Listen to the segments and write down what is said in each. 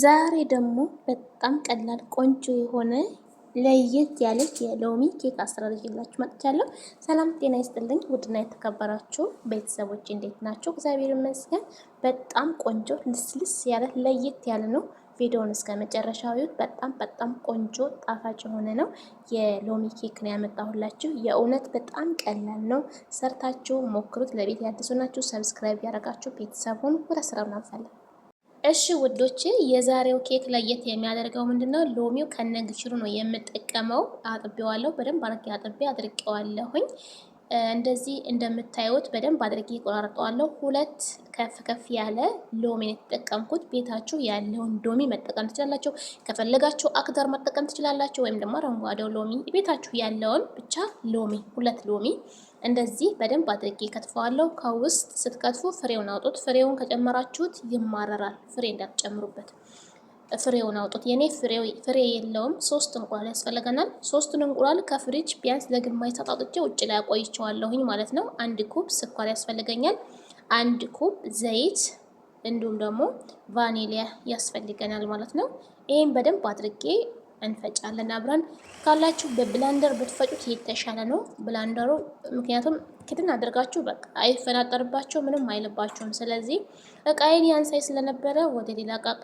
ዛሬ ደግሞ በጣም ቀላል ቆንጆ የሆነ ለየት ያለ የሎሚ ኬክ አሰራር ይዤላችሁ መጥቻለሁ። ሰላም ጤና ይስጥልኝ ውድና የተከበራችሁ ቤተሰቦች እንዴት ናቸው? እግዚአብሔር ይመስገን በጣም ቆንጆ ልስልስ ያለ ለየት ያለ ነው። ቪዲዮውን እስከ መጨረሻው ይዩት። በጣም በጣም ቆንጆ ጣፋጭ የሆነ ነው የሎሚ ኬክ ነው ያመጣሁላችሁ። የእውነት በጣም ቀላል ነው፣ ሰርታችሁ ሞክሩት። ለቤት ያደሱ ናችሁ ሰብስክራይብ ያደረጋችሁ ቤተሰቡን ወደ ስራው እናልፋለን። እሺ ውዶች የዛሬው ኬክ ለየት የሚያደርገው ምንድነው? ሎሚው ከነግሽሩ ነው የምጠቀመው። አጥቤዋለሁ፣ በደንብ አድርጌ አጥቤ አድርቄዋለሁኝ። እንደዚህ እንደምታዩት በደንብ አድርጌ ቆራርጠዋለሁ። ሁለት ከፍ ከፍ ያለ ሎሚ የተጠቀምኩት። ቤታችሁ ያለውን ሎሚ መጠቀም ትችላላችሁ። ከፈለጋችሁ አክዳር መጠቀም ትችላላችሁ፣ ወይም ደግሞ አረንጓዴው ሎሚ፣ ቤታችሁ ያለውን ብቻ ሎሚ ሁለት ሎሚ እንደዚህ በደንብ አድርጌ ከትፈዋለሁ። ከውስጥ ስትከትፉ ፍሬውን አውጡት። ፍሬውን ከጨመራችሁት ይማረራል። ፍሬ እንዳትጨምሩበት፣ ፍሬውን አውጡት። የኔ ፍሬ የለውም። ሶስት እንቁላል ያስፈልገናል። ሶስቱን እንቁላል ከፍሪጅ ቢያንስ ለግማሽ ተጣጥቼ ውጭ ላይ አቆይቸዋለሁኝ ማለት ነው። አንድ ኩብ ስኳር ያስፈልገኛል። አንድ ኩብ ዘይት እንዲሁም ደግሞ ቫኒሊያ ያስፈልገናል ማለት ነው። ይህም በደንብ አድርጌ እንፈጫለን አብረን። ካላችሁ በብላንደር ብትፈጩት የተሻለ ነው ብላንደሩ፣ ምክንያቱም ክድን አድርጋችሁ በቃ አይፈናጠርባቸው ምንም አይልባቸውም ስለዚህ እቃዬን ያንሳይ ስለነበረ ወደ ሌላ እቃ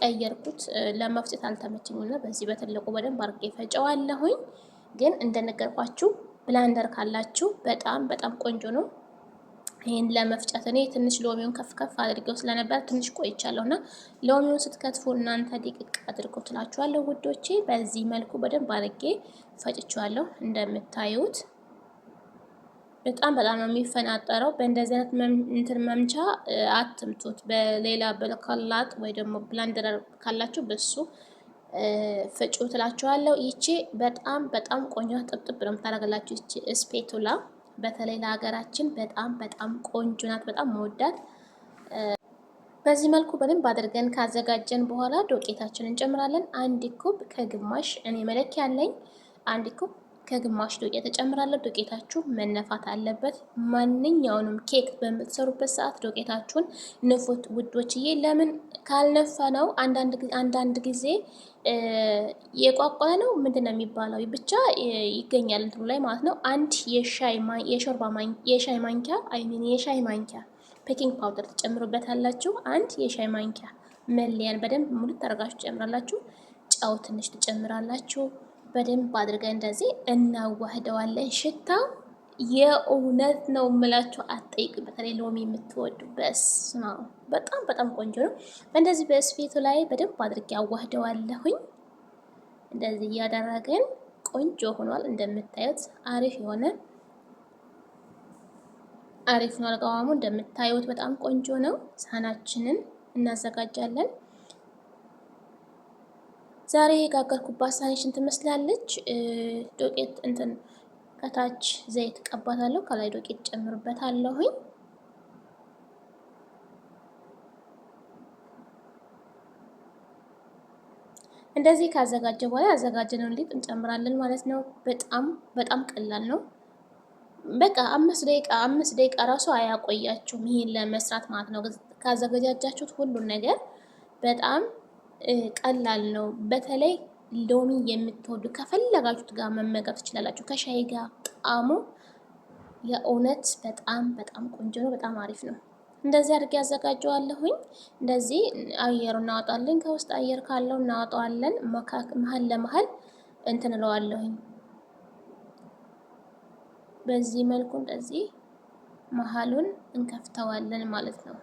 ቀየርኩት። ለመፍጨት አልተመቸኝና በዚህ በትልቁ በደንብ አድርጌ ፈጨዋለሁኝ። ግን እንደነገርኳችሁ ብላንደር ካላችሁ በጣም በጣም ቆንጆ ነው። ይህን ለመፍጨት እኔ ትንሽ ሎሚውን ከፍ ከፍ አድርጌው ስለነበር ትንሽ ቆይቻለሁ እና ሎሚውን ስትከትፉ እናንተ ዲቅቅ አድርጎ ትላችኋለሁ ውዶቼ። በዚህ መልኩ በደንብ አድርጌ ፈጭችዋለሁ። እንደምታዩት በጣም በጣም ነው የሚፈናጠረው። በእንደዚህ አይነት እንትን መምቻ አትምቱት። በሌላ በከላጥ ወይ ደግሞ ብላንደር ካላችሁ በሱ ፍጩ ትላችኋለሁ። ይቺ በጣም በጣም ቆንጆ ጥብጥብ ነው የምታደርግላችሁ ይቺ ስፔቱላ በተለይ ለሀገራችን በጣም በጣም ቆንጆ ናት። በጣም መወዳት። በዚህ መልኩ በደንብ አድርገን ካዘጋጀን በኋላ ዶቄታችንን እንጨምራለን። አንድ ኩብ ከግማሽ እኔ መለኪያ ያለኝ አንድ ኩብ ከግማሽ ዱቄት እጨምራለሁ። ዱቄታችሁ መነፋት አለበት። ማንኛውንም ኬክ በምትሰሩበት ሰዓት ዱቄታችሁን ንፉት ውዶችዬ። ለምን ካልነፈ ነው አንዳንድ ጊዜ የቋቋ ነው ምንድን ነው የሚባለው ብቻ ይገኛል እንትኑ ላይ ማለት ነው። አንድ የሻይ ማንኪያ አይሚን የሻይ ማንኪያ ፔኪንግ ፓውደር ትጨምሩበታላችሁ። አንድ የሻይ ማንኪያ መለያን በደንብ ሙሉ ታደርጋችሁ ትጨምራላችሁ። ጨው ትንሽ ትጨምራላችሁ። በደንብ አድርገን እንደዚህ እናዋህደዋለን ሽታው የእውነት ነው የምላችሁ፣ አትጠይቅ። በተለይ ሎሚ የምትወዱ በስመ አብ በጣም በጣም ቆንጆ ነው። እንደዚህ በስፌቱ ላይ በደንብ አድርጌ አዋህደዋለሁኝ። እንደዚህ እያደረግን ቆንጆ ሆኗል። እንደምታዩት አሪፍ የሆነ አሪፍ ነው። አልቃዋሙ እንደምታዩት በጣም ቆንጆ ነው። ሳህናችንን እናዘጋጃለን። ዛሬ የጋገርኩባት ሳህን ትመስላለች ዶቄት እንትን ከታች ዘይት ቀባታለሁ፣ ከላይ ዶቄት ጨምርበታለሁኝ። እንደዚህ ካዘጋጀ በኋላ ያዘጋጀነውን ሊጥ እንጨምራለን ማለት ነው። በጣም በጣም ቀላል ነው። በቃ አምስት ደቂቃ አምስት ደቂቃ ራሱ አያቆያችሁም ይሄን ለመስራት ማለት ነው። ካዘገጃጃችሁት ሁሉን ነገር በጣም ቀላል ነው። በተለይ ሎሚ የምትወዱ ከፈለጋችሁት ጋር መመገብ ትችላላችሁ። ከሻይ ጋር ጣዕሙ የእውነት በጣም በጣም ቆንጆ ነው። በጣም አሪፍ ነው። እንደዚህ አድርጌ ያዘጋጀዋለሁኝ። እንደዚህ አየሩ እናወጣለን። ከውስጥ አየር ካለው እናወጣዋለን። መሀል ለመሀል እንትን እለዋለሁኝ። በዚህ መልኩ እንደዚህ መሀሉን እንከፍተዋለን ማለት ነው።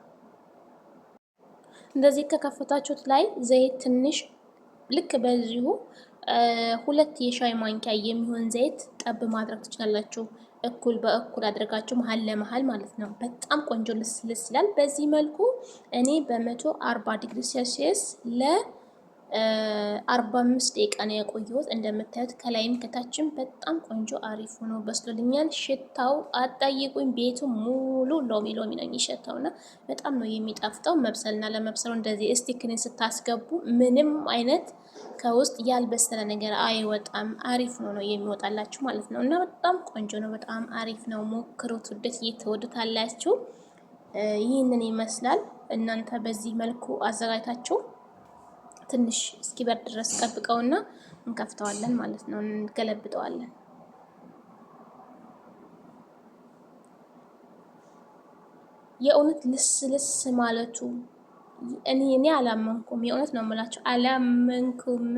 እንደዚህ ከከፈታችሁት ላይ ዘይት ትንሽ ልክ በዚሁ ሁለት የሻይ ማንኪያ የሚሆን ዘይት ጠብ ማድረግ ትችላላችሁ። እኩል በእኩል አድርጋችሁ መሀል ለመሀል ማለት ነው። በጣም ቆንጆ ልስልስ ይላል። በዚህ መልኩ እኔ በመቶ አርባ ዲግሪ ሴልሲየስ ለ አርባ አምስት ደቂቃ ነው ያቆየሁት። እንደምታዩት ከላይም ከታችም በጣም ቆንጆ አሪፍ ሆኖ በስሎልኛል። ሽታው አጣይቁኝ፣ ቤቱ ሙሉ ሎሚ ሎሚ ነው እና በጣም ነው የሚጣፍጠው። መብሰልና ለመብሰሉ እንደዚህ እስቲክን ስታስገቡ ምንም አይነት ከውስጥ ያልበሰለ ነገር አይወጣም። አሪፍ ሆኖ ነው የሚወጣላችሁ ማለት ነው እና በጣም ቆንጆ ነው። በጣም አሪፍ ነው። ሞክሩት፣ ውደት እየተወዱታላችሁ። ይህንን ይመስላል። እናንተ በዚህ መልኩ አዘጋጅታችሁ ትንሽ እስኪበር ድረስ ጠብቀውና እንከፍተዋለን ማለት ነው፣ እንገለብጠዋለን። የእውነት ልስ ልስ ማለቱ እኔ እኔ አላመንኩም። የእውነት ነው የምላቸው አላመንኩም።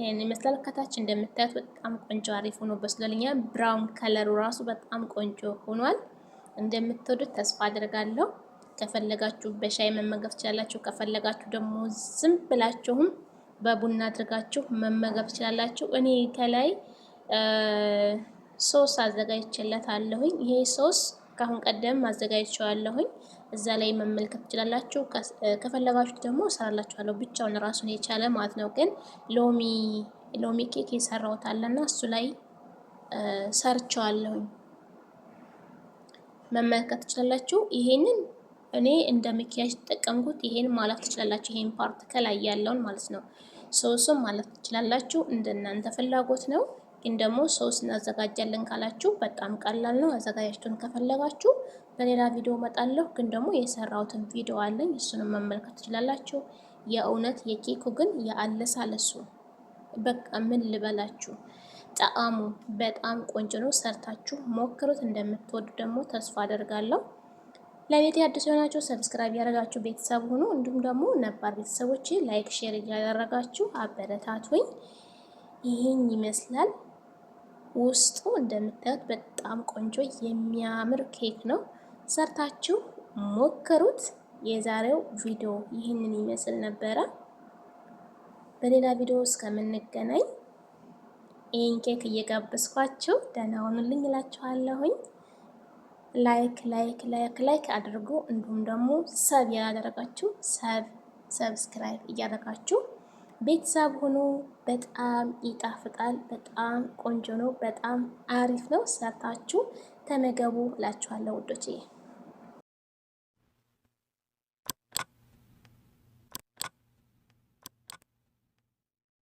ይህን ይመስላል። ከታች እንደምታዩት በጣም ቆንጆ አሪፍ ሆኖ በስሎልኛ። ብራውን ከለሩ ራሱ በጣም ቆንጆ ሆኗል። እንደምትወዱት ተስፋ አድርጋለሁ። ከፈለጋችሁ በሻይ መመገብ ትችላላችሁ። ከፈለጋችሁ ደግሞ ዝም ብላችሁም በቡና አድርጋችሁ መመገብ ትችላላችሁ። እኔ ከላይ ሶስ አዘጋጅቼለት አለሁኝ። ይሄ ሶስ ከአሁን ቀደም አዘጋጅቼዋለሁኝ። እዛ ላይ መመልከት ትችላላችሁ። ከፈለጋችሁ ደግሞ እሰራላችኋለሁ። ብቻውን ራሱን የቻለ ማለት ነው። ግን ሎሚ ሎሚ ኬክ የሰራሁት አለና እሱ ላይ ሰርቸዋለሁኝ። መመልከት ትችላላችሁ። ይሄንን እኔ እንደ መኪያጅ ተጠቀምኩት። ይሄን ማለፍ ትችላላችሁ። ይሄን ፓርት ከላይ ያለውን ማለት ነው። ሶስም ማለፍ ትችላላችሁ፣ እንደናንተ ፍላጎት ነው። ግን ደግሞ ሶስ እናዘጋጃለን ካላችሁ በጣም ቀላል ነው። አዘጋጃችሁን ከፈለጋችሁ በሌላ ቪዲዮ መጣለሁ። ግን ደግሞ የሰራሁትን ቪዲዮ አለኝ፣ እሱንም መመልከት ትችላላችሁ። የእውነት የኬኩ ግን የአለሳለሱ በቃ ምን ልበላችሁ ጣዕሙ በጣም ቆንጆ ነው። ሰርታችሁ ሞክሩት። እንደምትወዱ ደግሞ ተስፋ አደርጋለሁ። ለቤት አዲስ የሆናችሁ ሰብስክራይብ ያደረጋችሁ ቤተሰብ ሁኑ። እንዲሁም ደግሞ ነባር ቤተሰቦች ላይክ፣ ሼር እያደረጋችሁ አበረታቱኝ። ይህን ይመስላል። ውስጡ እንደምታዩት በጣም ቆንጆ የሚያምር ኬክ ነው። ሰርታችሁ ሞክሩት። የዛሬው ቪዲዮ ይህንን ይመስል ነበረ። በሌላ ቪዲዮ እስከምንገናኝ ይህን ኬክ እየጋበዝኳችሁ ደህና ሆኑልኝ እላችኋለሁኝ። ላይክ ላይክ ላይክ ላይክ አድርጉ። እንዲሁም ደግሞ ሰብ ያደረጋችሁ ሰብ ሰብስክራይብ እያደረጋችሁ ቤተሰብ ሆኖ በጣም ይጣፍጣል። በጣም ቆንጆ ነው። በጣም አሪፍ ነው። ሰርታችሁ ተመገቡ እላችኋለሁ ውዶቼ።